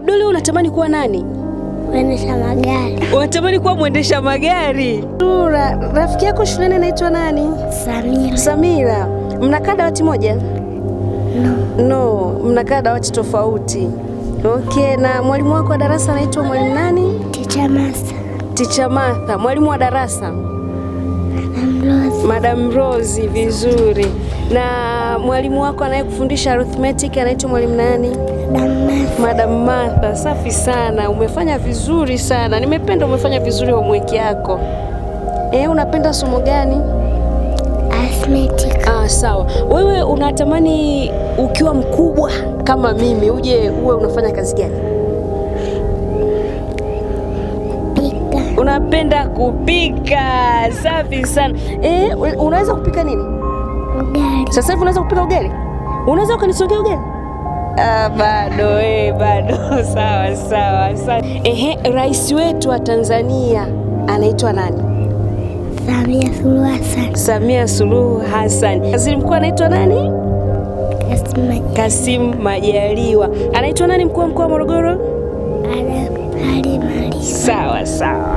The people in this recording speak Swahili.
wewe unatamani kuwa nani? Mwendesha magari. Unatamani kuwa mwendesha magari? Nura, rafiki yako shuleni anaitwa nani? Samira. Samira, mnakaa dawati moja? No. No, mnakaa dawati tofauti. Okay, na mwalimu wako wa darasa anaitwa mwalimu nani? Teacher Martha. Teacher Martha, mwalimu wa darasa? Madam Rose vizuri. Na mwalimu wako anayekufundisha arithmetic anaitwa mwalimu nani? Madam Martha, safi sana, umefanya vizuri sana. Nimependa umefanya vizuri homework yako. Eh, unapenda somo gani? Arithmetic. Ah, sawa. Wewe unatamani ukiwa mkubwa kama mimi uje uwe unafanya kazi gani? napenda kupika. Safi sana. Eh, unaweza kupika nini? Ugali. Sasa hivi unaweza kupika ugali? Unaweza ukanisongea ugali? Ah, bado eh, bado. Sawa sawa sawa. Ehe, rais wetu wa Tanzania anaitwa nani? Samia Suluhu Hassan. Samia Suluhu Hassan. Waziri mkuu anaitwa nani? Kasim Majaliwa. Anaitwa nani mkuu wa mkoa wa Morogoro? Sawa sawa.